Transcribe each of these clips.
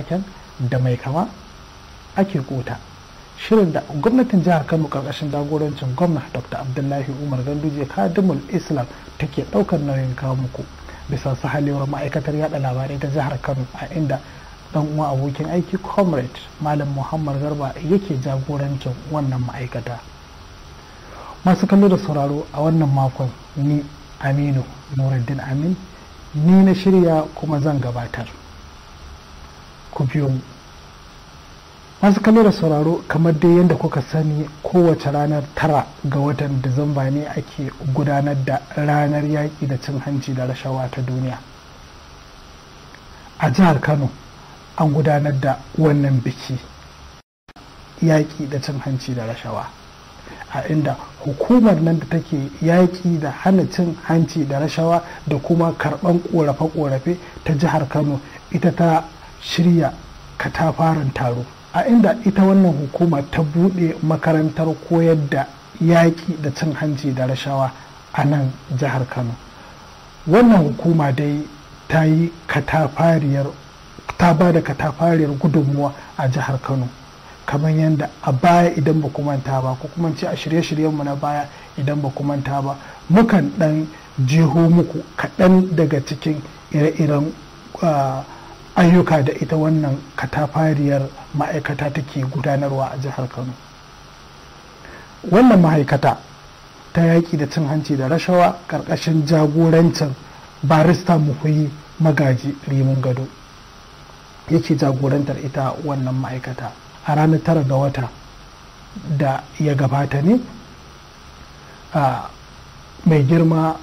aiken da mai kama ake kota shirin da gwamnatin jihar kano karkashin jagorancin gwamna dr abdullahi umar ganduje kadimul islam take daukar nauyin kawo muku bisa sahalewar ma'aikatar yada labarai ta jihar kano a inda dan uwa abokin aiki comrade malam muhammad garba yake jagorancin wannan ma'aikata masu kallo da sauraro a wannan makon ni aminu nuruddin amin ni na shirya kuma zan gabatar ku biyo mu masu kallon da sauraro kamar dai yadda kuka sani kowace ranar tara ga watan disamba ne ake gudanar da ranar yaƙi da cin hanci da rashawa ta duniya a jihar kano an gudanar da wannan biki yaƙi da cin hanci da rashawa a inda hukumar nan da take yaƙi da hana cin hanci da rashawa da kuma karɓan ƙorafe-ƙorafe ta jihar kano ita ta shirya katafaren taro a inda ita wannan hukuma ta buɗe makarantar koyar da yaƙi da cin hanci da rashawa a nan jihar kano wannan hukuma dai ta yi katafariyar ta ba da katafariyar gudunmuwa a jihar kano kamar yadda a baya idan ba manta ba ko kuma ce a shirye-shiryenmu na baya idan ba manta ba mukan dan jiho muku kaɗan daga cikin ire-iren uh, ayyuka da ita wannan katafariyar ma'aikata take gudanarwa a jihar kano wannan ma'aikata ta yaƙi da cin hanci da rashawa ƙarƙashin jagorancin barista muhuyi magaji limin gado yake jagorantar ita wannan ma'aikata a ranar tara ga wata da ya gabata ne a mai girma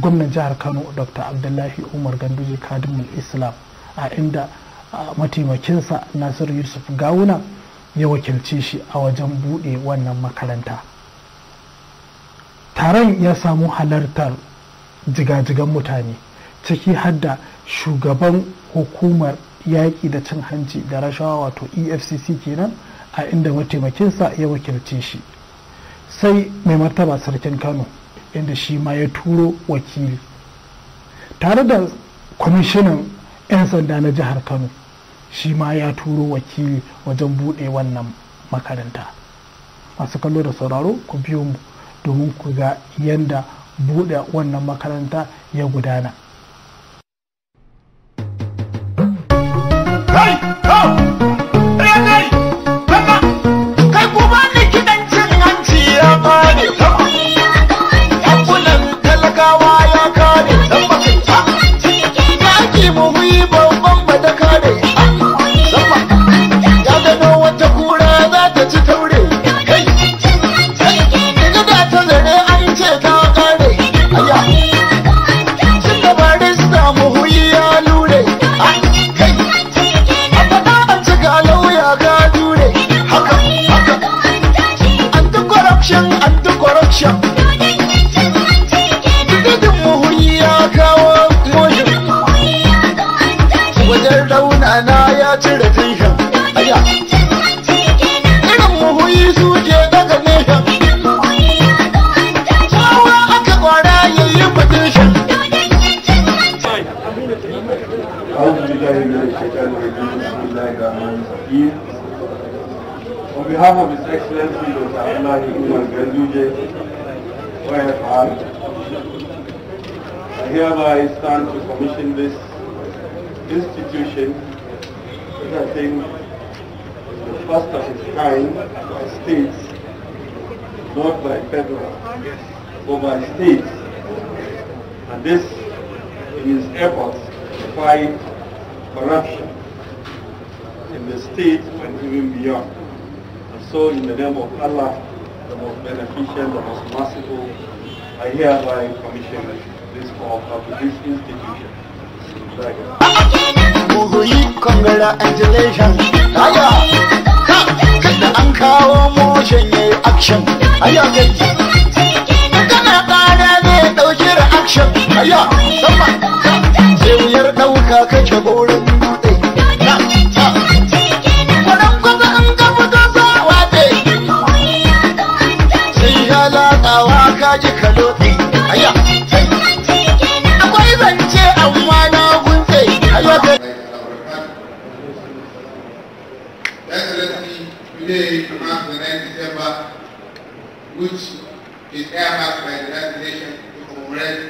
gwamnan jihar kano dr abdullahi umar ganduje kadimul islam a inda mataimakinsa nasiru yusuf gawuna ya wakilce shi a wajen buɗe wannan makaranta taron ya samu halartar jigajigan mutane ciki hadda shugaban hukumar yaƙi da cin hanci da rashawa wato efcc kenan a inda mataimakinsa ya wakilce shi sai mai martaba sarkin kano inda shi ma ya turo wakili tare da kwamishinan 'yan sanda na jihar kano shi ma ya turo wakili wajen bude wannan makaranta masu kallo da sauraro ku biyo mu domin ku ga yadda bude wannan makaranta ya gudana. Hey, behalf of His Excellency Dr. Abdullahi Umar Ganduje, I hereby stand to commission this institution, which I think is the first of its kind by states, not by federal, but by states. And this is efforts to fight corruption in the state and even beyond. So in the name of Allah, the most beneficent, the most merciful, I hereby commission this offer to this institution. Muguyi, congratulations. Aya, kada an kawo motion yayi action. Aya, kana ƙara ne ɗauki reaction. Aya, sama, sai wuyar ɗauka kake burin ka latsawa ka ji the which is earmarked by the United Nations to commemorate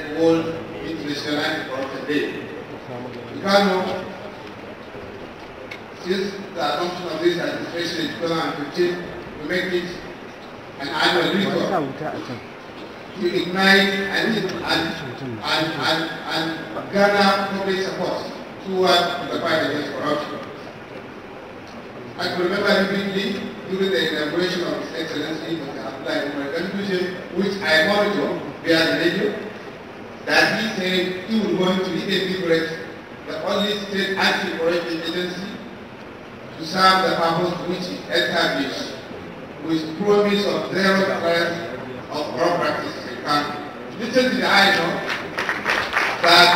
since the adoption of this administration in 2015, we make it and an annual report to ignite and, and, and, and, and gather public support towards the fight against corruption. I can remember vividly during the inauguration of His Excellency Mr. Abdullah in my contribution, which I monitor via the radio, that he said he would want to integrate the only state anti-corruption agency to serve the purpose which he established with promise of zero threat of drug practice in the country. Little did I know that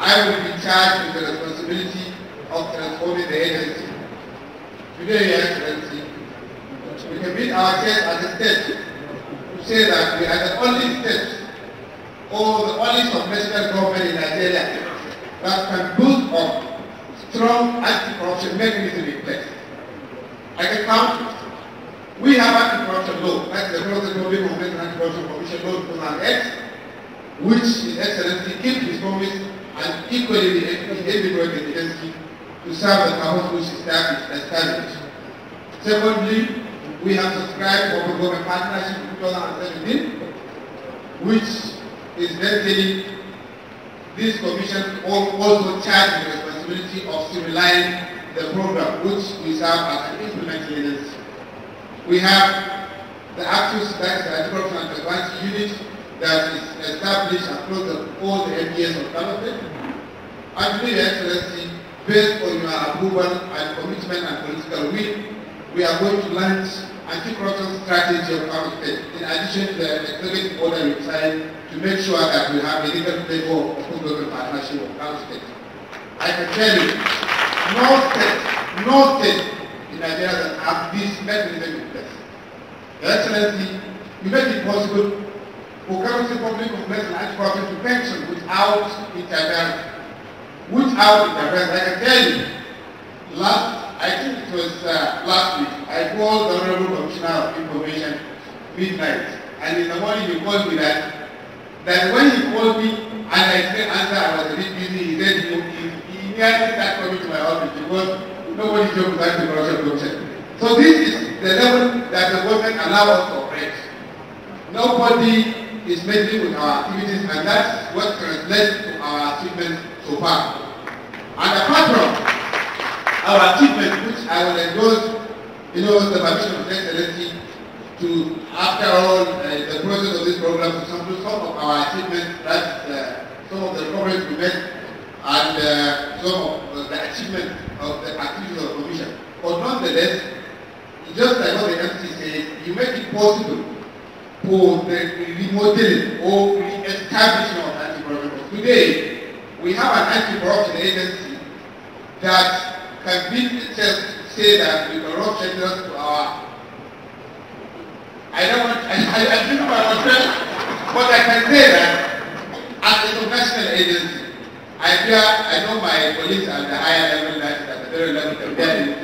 I will be charged with the responsibility of transforming the agency. Today, the agency. we our ourselves as a state to say that we are the only state or the only subnational government in Nigeria that can build up strong anti-corruption mechanism in place. I can count we have anti-corruption law, like eh? the President Nobel Movement Anti-Corruption Commission Law 2008, which His Excellency kept his promise and equally the everywhere agency to serve the purpose which is established. Secondly, we have subscribed for the government partnership in 2017, which is basically this commission also charged the responsibility of civilizing the program which we serve as an implementing agency. We have the active specs, anti-corruption and unit that is established across all the MDS of Parliament. And we your excellency, based on your approval and commitment and political will, we are going to launch anti-corruption strategy of Calafate in addition to the executive order we signed to make sure that we have a legal framework of global partnership of Calafate. I can tell you, no state, no state in Nigeria that have this mechanism your Excellency, you make it possible for Karachi Public Complex large profit to pension without interference. Without interference, I can tell you, last, I think it was uh, last week, I called the Honorable Commissioner of Information midnight, and in the morning he called me that, that when he called me and I said answer, I was a bit busy, he said he, he, he immediately started coming to my office because nobody jokes about the corruption So this is the level that the government allows us to operate. Nobody is meddling with our activities and that's what translates to our achievements so far. And apart from our achievement, which I will endorse, you know, the permission of excellency to, after all, uh, the process of this program to sample some of our achievements, that uh, some of the progress we made and uh, some of the achievements of the activities of the Commission. But nonetheless, just like what the MC say, you make it possible for the remodeling or re establishment of anti-corruption. Today, we have an anti-corruption agency that can build itself say that we corrupt changes to our. I don't want, I, I, I think my contract, but I can say that as a professional agency, I fear, I know my colleagues at the higher level, that at the very level, they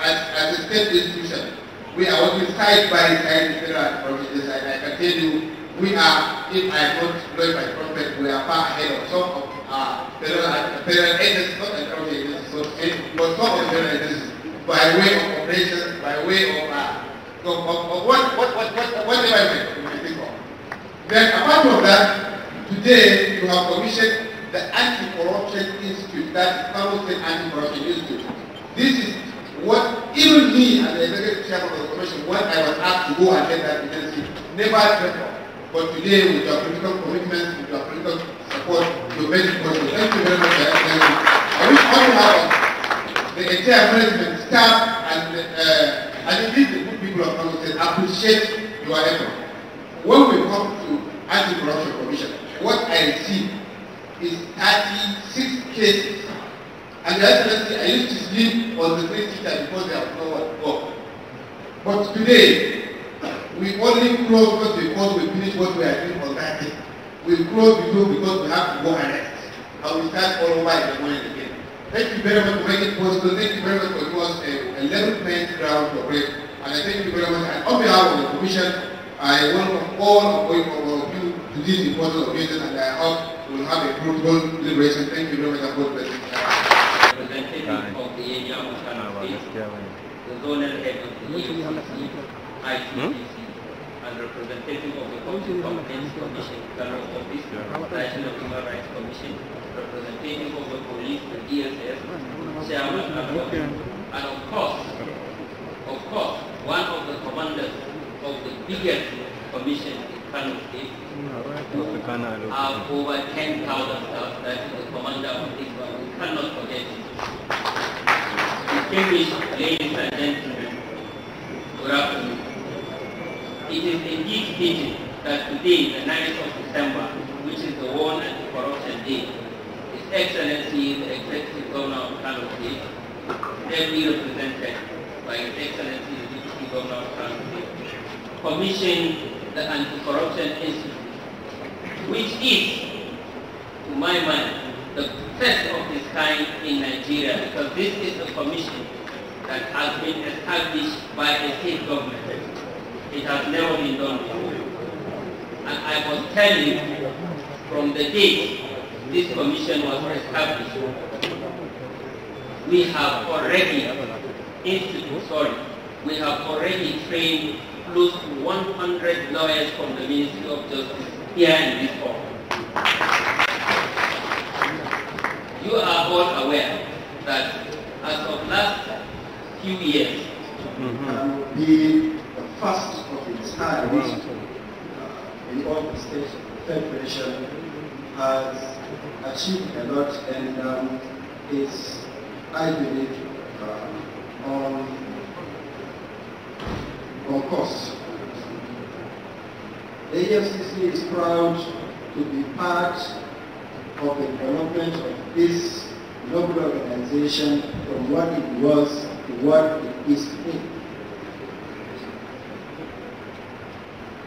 as, a state institution, we are working side by side with federal and provinces, and I can tell you, we are, if I am not blowing my trumpet, we are far ahead of some of our federal, federal agencies, not the county agencies, but, but some of the federal agencies, by way of operations, by way of, uh, of, of, of what, what, what, what, what environment you think of. Then apart from that, today you have commissioned the Anti-Corruption Institute, that is Kano Anti-Corruption Institute. This is what even me as the executive chairman of the commission, when I was asked to go and get that agency, never threatened. But today, with your political commitment, with your political support, you made it possible. Thank you very much. I wish all you have the entire management, staff, and uh, and indeed the good people of Congo appreciate your effort. When we come to anti-corruption commission, what I see is 36 cases And definitely I used to sleep on the great teacher because they have no one to go. But today, we only close what we we finish what we are doing on that day. We close because we have to go and rest. And we start all over in the morning again. Thank you very much for making it possible. Thank you very much for giving us a, a level playing ground for break. And I thank you very much. And on behalf of the Commission, I welcome all of you to this important occasion and I hope we'll have a fruitful deliberation. Thank you very much and God bless you. Of time. Our discovery. The zonal head of the ECC, ICCC, hmm? and representative of the Committee Commission, Colonel Office, National Human Rights Commission, representative of the police, the DSS, and of course, of course, one of the commanders of the biggest commission in Kano of over 10,000 staff, the commander of the one, we cannot forget Distinguished ladies and gentlemen, good afternoon. It is indeed fitting that today, the 9th of December, which is the War Anti-Corruption Day, His Excellency, the Executive Governor of Kano State, heavily represented by His Excellency, the Deputy Governor of Kano State, commissioned the Anti-Corruption Institute, which is, to my mind, the first of its kind in Nigeria because this is a commission that has been established by a state government. It has never been done before. And I was telling you from the day this commission was established, we have already, sorry, we have already trained close to 100 lawyers from the Ministry of Justice here in this hall. You are all aware that as of last few years, mm -hmm. the, first of its kind uh, in all the states of the Federation has achieved a lot and um, is, I believe, uh, on, on course. The AFCC is proud to be part of the development of this local organization from what it was to what it is today.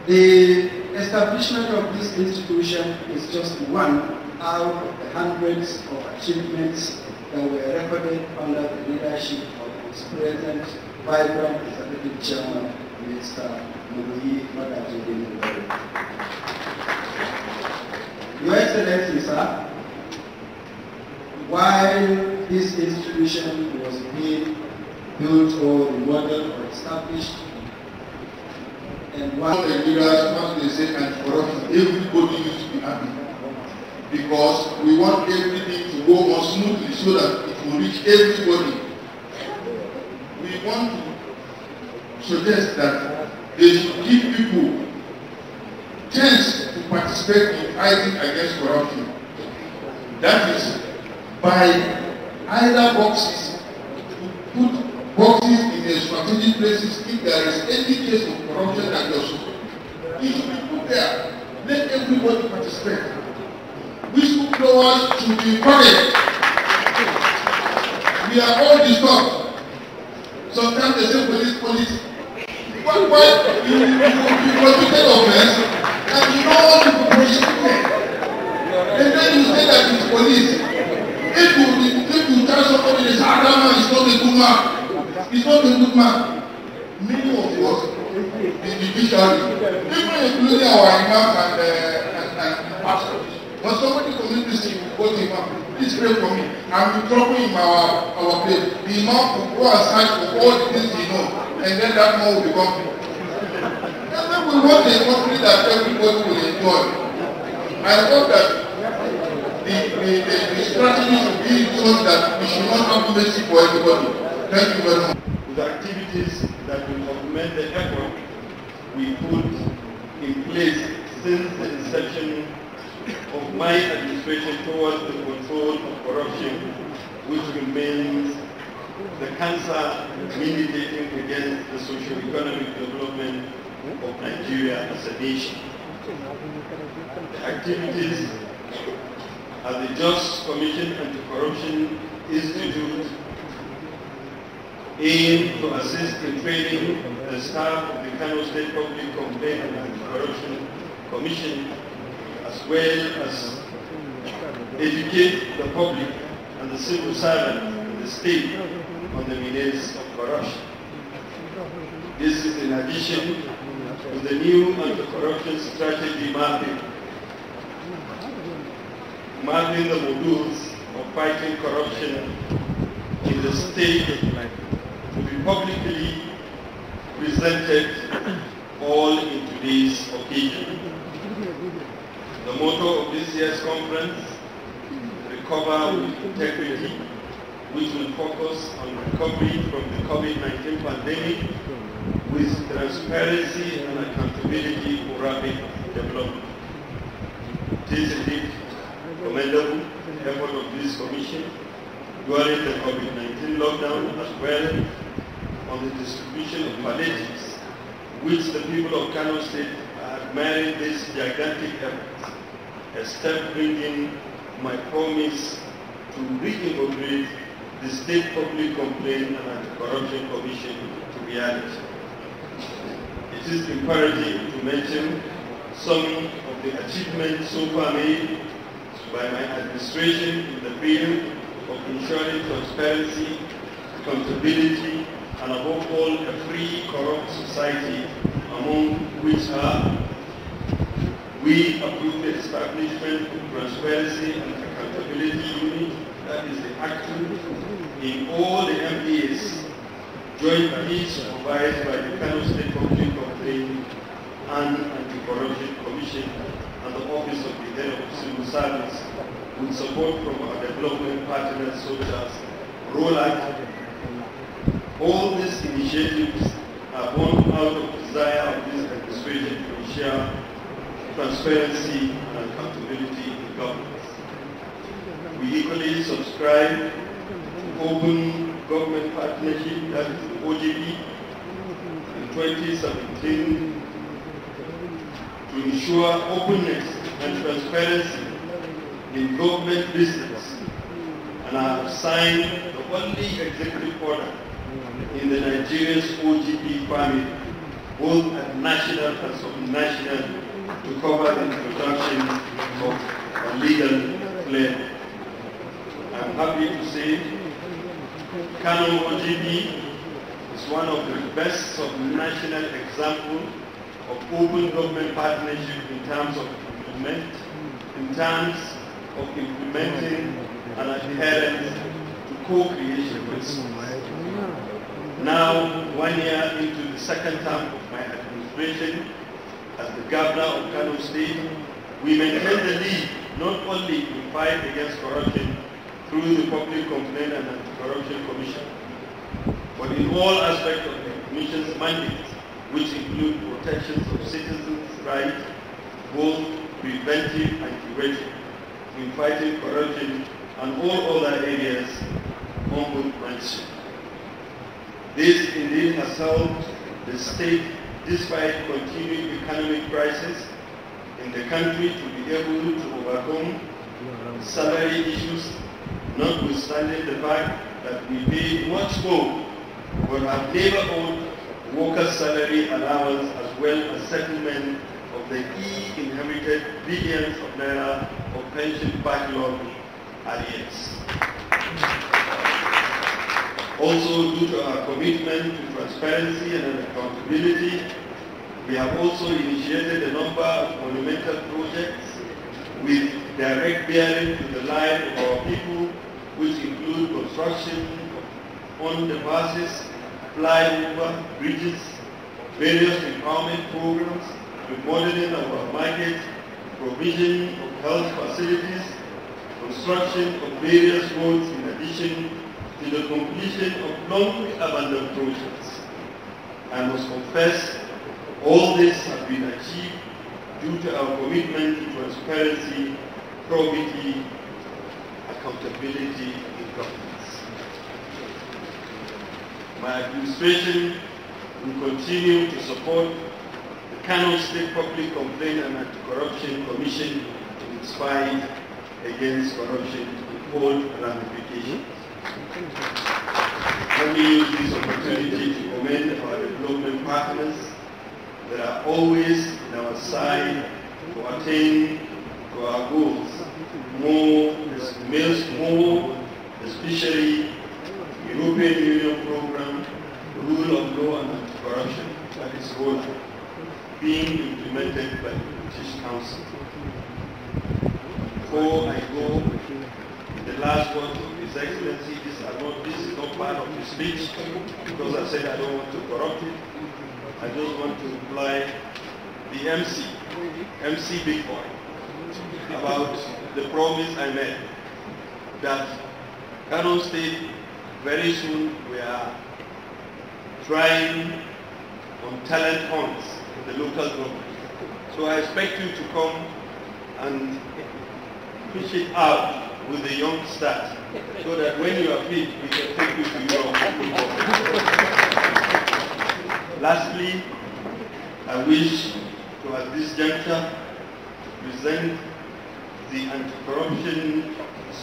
The establishment of this institution is just one out of the hundreds of achievements that were recorded under the leadership of its present vibrant executive chairman, Mr. Mubuyi Makajidin. Your Excellency, sir, while this institution was being built or rewarded or established, and while the leaders, want to say and for us, everybody needs to be happy because we want everything to go on smoothly so that it will reach everybody. We want to suggest that they should give people chance participate in fighting against corruption. That is, by either boxes, to put boxes in the strategic places if there is any case of corruption that you should be put there. Let everybody participate. Whistleblowers should be encouraged. We are all disturbed. Sometimes they say police, police. What, Why You, you, you, you committed offense and you don't want to prosecuted. And then you say that it's police. If you, if you tell somebody this, ah, that man is not a good man, he's not a good man, many of us individually, even including our imam and, uh, and, and pastors, when somebody commits this thing, we go to imam please pray for me i'm in trouble in our our place the imam will go aside for all the things he know and then that man will become We want a country that everybody will enjoy. I hope that the, the, the, the strategy will be such that we should not have mercy for everybody. Thank you very much. The activities that will augment the effort we put in place since the inception of my administration towards the control of corruption, which remains the cancer militating against the socio-economic development of Nigeria as a nation. The activities of the Just Commission Anti-Corruption Institute aim to assist in training the staff of the Kano State Public Complaint and Anti-Corruption Commission as well as educate the public and the civil servant of the state on the menace of corruption. This is in addition the new anti-corruption strategy mapping, mapping the modules of fighting corruption in the state to be publicly presented all in today's occasion. The motto of this year's conference, Recover with Integrity, which will focus on recovery from the COVID-19 pandemic with transparency and accountability for rapid development. It is indeed commendable effort of this commission during the COVID-19 lockdown as well on the distribution of palliatives, which the people of Kano State are admiring this gigantic effort, a step bringing my promise to reinvigorate the State Public Complaint and Anti-Corruption Commission to reality it is imperative to mention some of the achievements so far made by my administration in the field of ensuring transparency, accountability, and above all, a free, corrupt society, among which are we approved the establishment of Transparency and Accountability Unit, that is the ACTU, in all the MPAs, joint by each supervised by the Kano State Community and Anti-Corruption Commission and the Office of the Head of Civil Service with support from our development partners such as ROLAC. All these initiatives are born out of desire of this administration to ensure transparency and accountability in governance. We equally subscribe to open government partnership, that is the OGP, in 2017 to ensure openness and transparency in government business and I have signed the only executive order in the Nigeria's OGP family, both at national and subnational, to cover the introduction of a legal plan. I'm happy to say Kano OGP is one of the best subnational examples of open government partnership in terms of implement, in terms of implementing an adherence to co-creation principles. Now, one year into the second term of my administration as the governor of Kano State, we maintain the lead not only in fight against corruption through the Public Complaint and Anti-Corruption Commission, but in all aspects of the Commission's mandate which include protections of citizens' rights, both preventive and curative, in fighting corruption and all other areas on good friendship. This indeed has helped the state, despite continuing economic crisis in the country, to be able to overcome salary issues, notwithstanding the fact that we pay much more but have never owned workers' salary allowance as well as settlement of the e-inherited billions of naira of pension backlog arrears. Also, due to our commitment to transparency and accountability, we have also initiated a number of monumental projects with direct bearing to the lives of our people, which include construction on the buses flyover bridges, various empowerment programs, remodeling of our markets, provision of health facilities, construction of various roads in addition to the completion of long abandoned projects. I must confess, all this has been achieved due to our commitment to transparency, probity, accountability, and governance. My administration will continue to support the Kano State Public Complaint and Anti-Corruption Commission in its fight against corruption with all ramifications. Let me use this opportunity to commend our development partners that are always on our side to attain to our goals. More, more especially European Union programmes rule of law and anti-corruption that is ROLA being implemented by the British Council. Before I go, the last words of His Excellency, this, not, this is not part of his speech because I said I don't want to corrupt it. I just want to reply the MC, MC Big Boy, about the promise I made that Kano State very soon we are trying on talent hunts in the local government. So I expect you to come and push it out with the young so that when you are fit, we can take you to Europe. Lastly, I wish to at this juncture present the anti-corruption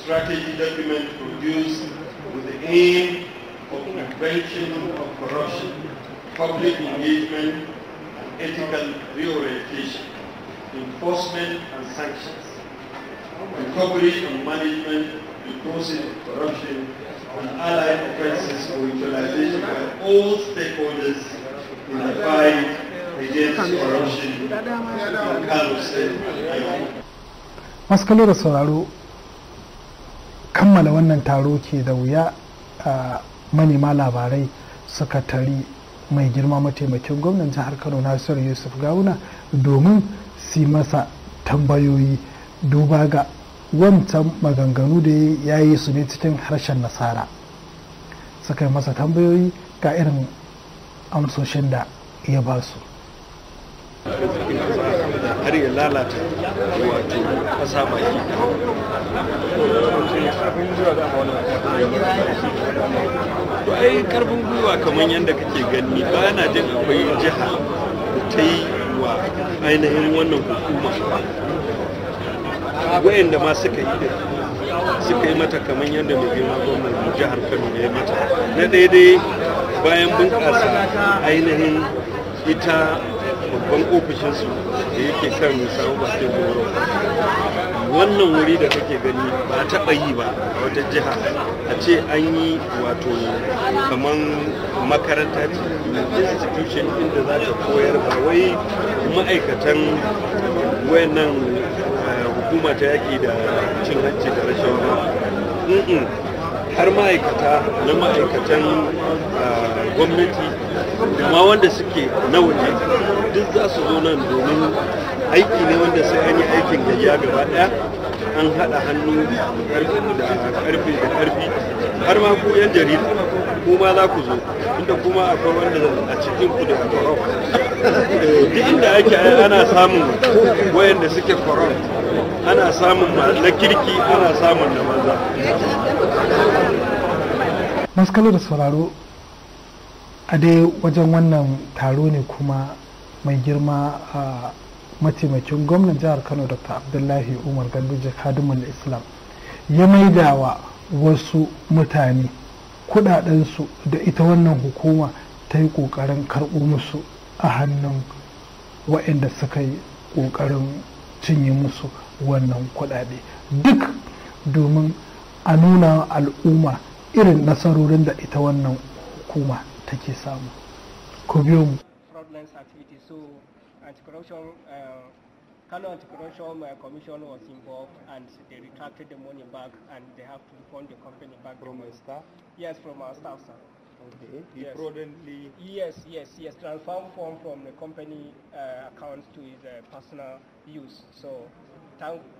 strategy document produced with the aim prevention of corruption, public engagement and ethical reorientation, enforcement and sanctions, recovery and management, reducing corruption and allied offenses for utilization by all stakeholders in the fight against corruption in Kano State. da sauraro kammala wannan taro ke da wuya a ah, manema labarai suka tari mai girma mataimakin gwamnan jihar kano nasir yusuf gawuna domin si masa tambayoyi duba ga wancan maganganu da ya yi su ne cikin harshen nasara suka yi masa tambayoyi ga irin amsoshin da ya ba su kar ya lalata wato kasa baki to ai karfin gwiwa kamar yadda kake gani ba na jin akwai jiha ta yi wa ainihin wannan hukuma wayanda ma suka yi suka yi mata kamar yadda mai girma gwamnan jihar kano ya yi mata na daidai bayan bunƙasa ainihin ita babban ofishinsu da yake kan sabon bakin goro wannan wuri da kake gani ba taɓa yi ba a wata jiha a ce an yi wato kamar makaranta ce institution inda za ta koyar ba wai ma'aikatan wayannan eh, hukuma ta yaki da cin hanci da rashin ba har ma'aikata na ma'aikatan eh, gwamnati amma wanda suke na waje duk za su zo nan domin aiki ne wanda sai an yi aikin gajiya gaba daya an haɗa hannu da karfi da karfi har ma ku yan jarida ma za ku zo inda kuma akwai wanda a cikin ku da koron duk inda ake ana samun wayanda suke koron ana samun na kirki ana samun na maza Maskalar da sauraro a dai wajen wannan taro ne kuma mai girma a mataimakin gwamnan jihar kano dr abdullahi umar ganduje kadimun islam ya maida wa wasu mutane kudadensu da ita wannan hukuma ta yi kokarin karɓo musu a hannun waɗanda suka yi kokarin cinye musu wannan kudade duk domin a nuna al'umma irin nasarorin da ita wannan hukuma take samu ku biyo activity so anti-corruption uh, Kano Anti-Corruption uh, Commission was involved and they retracted the money back and they have to refund the company back. From our staff? Yes, from our staff, sir. Okay. He yes. prudently? Yes, yes, yes. Transform form from the company uh, account to his uh, personal use. So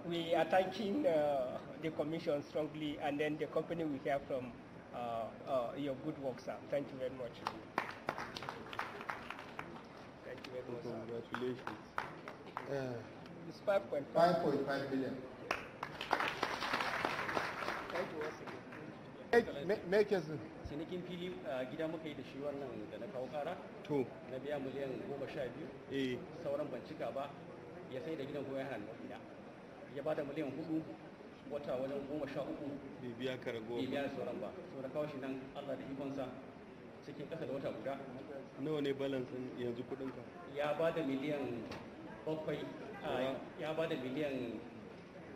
we are thanking uh, the commission strongly and then the company will hear from Uh, uh, your good work, sir. Thank you very much. Thank you very much. Congratulations. Uh, 5.5 billion. Thank you cinikin fili uh, gida muka yi da shi wannan da na kawo to na biya miliyan goma sha biyu eh. sauran ban cika ba ya sai da gidan kuma ya gida ya ba da miliyan hudu wata wajen goma sha uku bai karago ka sauran ba saboda kawo shi nan Allah da ikonsa cikin ƙasa da wata guda nawa ne balance yanzu kuɗin ka ya ba da miliyan bakwai ya ba da miliyan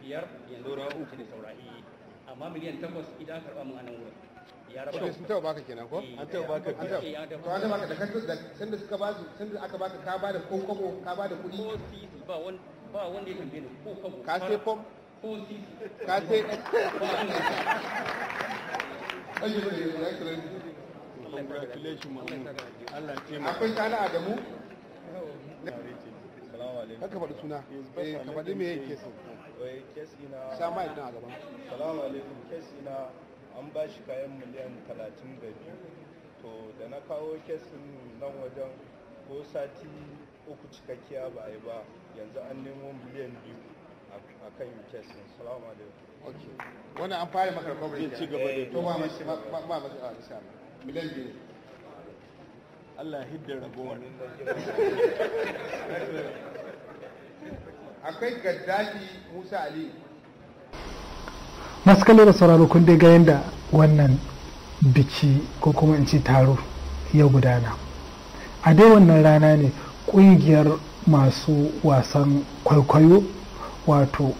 biyar yanzu saura uku da eh. amma miliyan takwas idan karɓa mun a wurin ya ka ba da ko akwai kana adamu haka faɗi suna eh, ka faɗi me yake a salamu alaikum kesi na an ba shi kayan miliyan talatin da biyu to da na kawo kesin nan wajen ko sati uku cikakkiya ba a yi ba yanzu an nemo miliyan biyu a kan kes salamu alaikum wannan an fara maka ci gaba da eh, to ba ba ba ba ba milan biyu Allah hidda ragowar akwai gaddafi Musa Ali da sauraro kun dai ga yadda wannan biki ko kuma in ce taro ya gudana a dai wannan rana ne ƙungiyar masu wasan kwaikwayo wato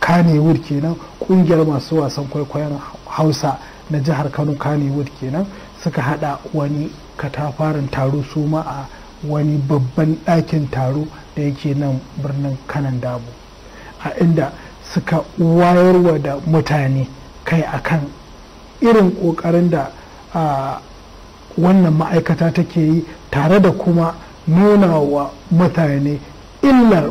kanewood kenan kungiyar masu wasan kwaikwayon hausa na jihar kano kanewood kenan suka hada wani katafarin taro su ma a wani babban ɗakin taro da yake nan birnin kanan damu a inda suka wayarwa da mutane kai a kan irin ƙoƙarin da wannan ma'aikata take yi tare da kuma nuna wa mutane illar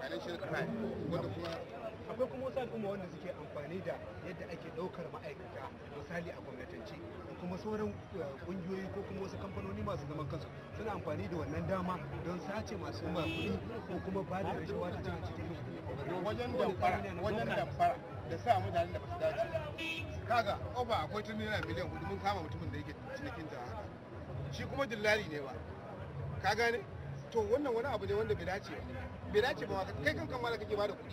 financial crime wanda kuma akwai kuma wasu al'umma wanda suke amfani da yadda ake ɗaukar ma'aikata misali a gwamnatance da kuma sauran eh, ƙungiyoyi ko kuma wasu kamfanoni masu zaman kansu suna amfani da wannan dama don sace masu kuɗi ko kuma ba da rashawa ta cikin cikin wajen damfara wajen damfara da sa mutanen da ba su dace kaga ofa akwai tun naira miliyan hudu mun kama mutumin da yake cinikin da shi kuma Dillari ne ba ka gane to wannan wani abu ne wanda bai dace ba bai dace ba kai kan kan malaka ke bada kuɗi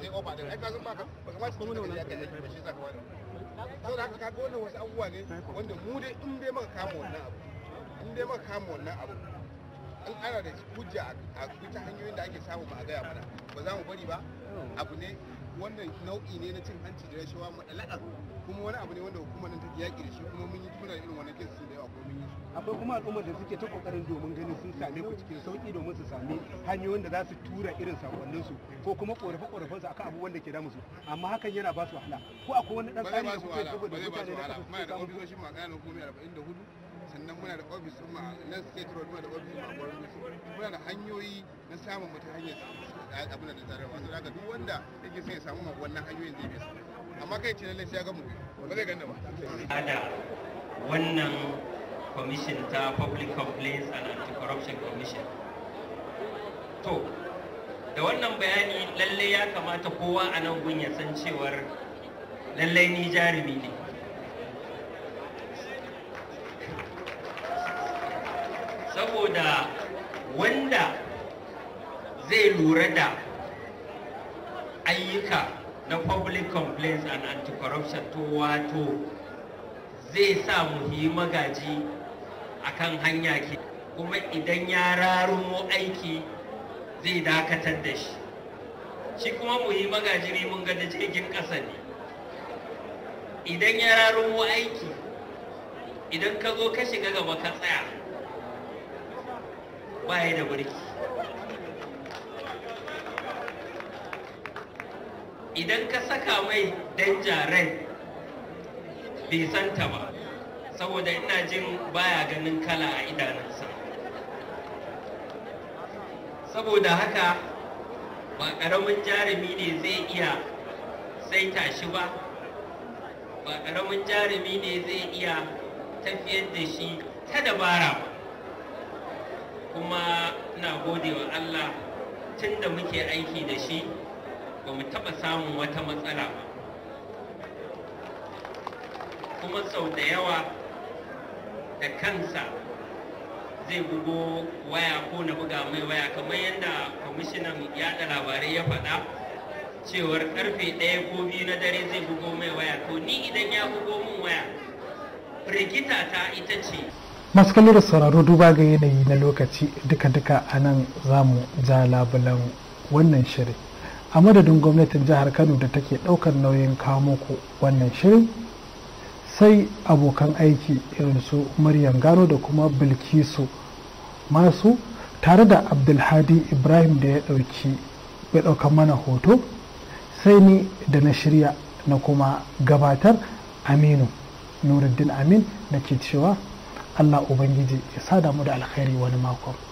sai ofa da ai kazan baka ba kamar su kuma ne kan yake ba shi saka wani saboda haka kaga wannan wasu abubuwa ne wanda mu dai in dai maka kama wannan abu in dai maka kama wannan abu an ana da hujja a ta hanyoyin da ake samu ba a gaya mana ba za mu bari ba abu ne wannan nau'i ne na cin hanci da rashawa matsalakan kuma wani abu ne wanda hukumar nan ta yaƙi da shi kuma mun yi tuna irin akwai kuma al'ummar da suke ta kokarin domin ganin sun same ku cikin sauki domin su sami hanyoyin da za su tura irin sakonnin su ko kuma korafe korafen su akan abubuwan da ke da musu amma hakan yana ba su wahala ko akwai wani dan tsari da kuke da mutane da kasu mai da ofisoshin ma kayan hukumi 44 sannan muna da ofis ma na state road muna da ofis ma gwamnati muna da hanyoyi na samun mutum hanyar abin da zarar wasu daga duk wanda yake son ya samu wannan hanyoyin zai bi amma kai ce lalle sai ya ga mu ba zai ganda ba ana wannan commission ta public complaints and anti-corruption commission to da wannan bayani lallai ya kamata kowa a nan gun ya san cewar lallai ni jarumi ne saboda wanda zai lura da ayyuka na public complaints and anti-corruption to wato zai sa muhimmi magaji a kan hanya ke kuma idan ya rarumo aiki zai dakatar da shi shi kuma mu yi magajiri mun ga da jirgin ƙasa ne idan ya rarumo aiki idan ka zo ka shiga gaba ka tsaya ba da burki idan ka saka mai danja rai bai santa ba saboda ina jin baya ganin kala a idanunsa saboda haka ba ƙaramin jarumi ne zai iya saita shi ba ba ƙaramin jarumi ne zai iya tafiyar da shi ta dabara ba kuma na gode wa Allah tun da muke aiki da shi ba mu taɓa samun wata matsala ba kuma sau da yawa da kansa zai bugo waya ko na buga mai waya kamar yadda kwamishinan yada labarai ya faɗa cewar karfe ɗaya ko biyu na dare zai bugo mai waya to ni idan ya bugo min waya firgita ta ita ce masu kalli sauraro duba ga yanayi na lokaci duka-duka a nan za mu ja labulan wannan shirin a madadin gwamnatin jihar kano da take ɗaukar nauyin kawo muku wannan shirin sai abokan aiki irin su maryam gano da kuma bilkisu masu tare da abdulhadi ibrahim da ya ɗauki ya mana hoto sai ni da na shirya na kuma gabatar aminu nuruddin amin na ke cewa allah ubangiji ya sa damu da alkhairi wani makon